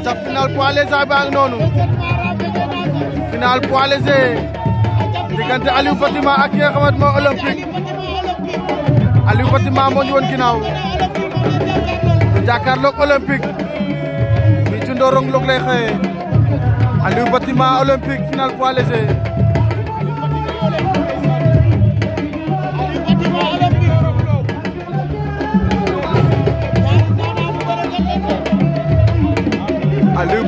aca final poids léger a baa ngi noonu final poids léger diggante Fatima ak ki nga xamante mooy Fatima moo ñu woon ginnaaw ñu jàkkaarloog olympique fii ci Ndorong loog lay xëyee Fatima olympique final poids léger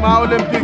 my Olympic.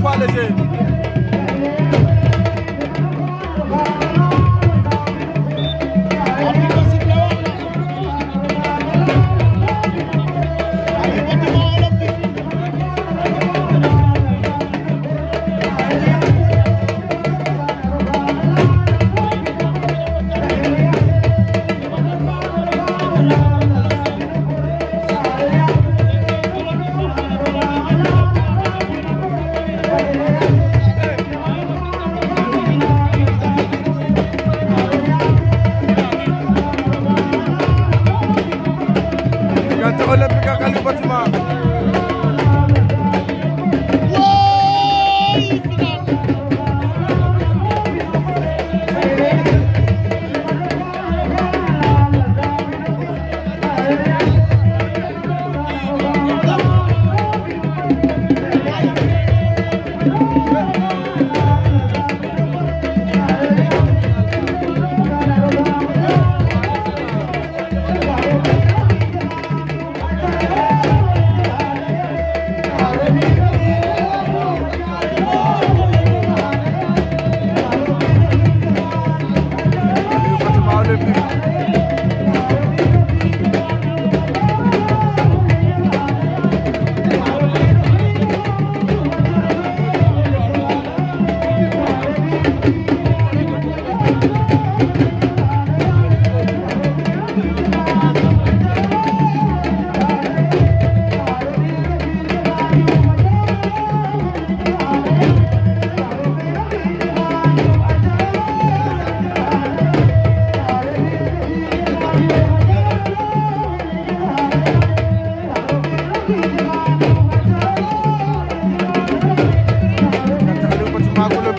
poids léger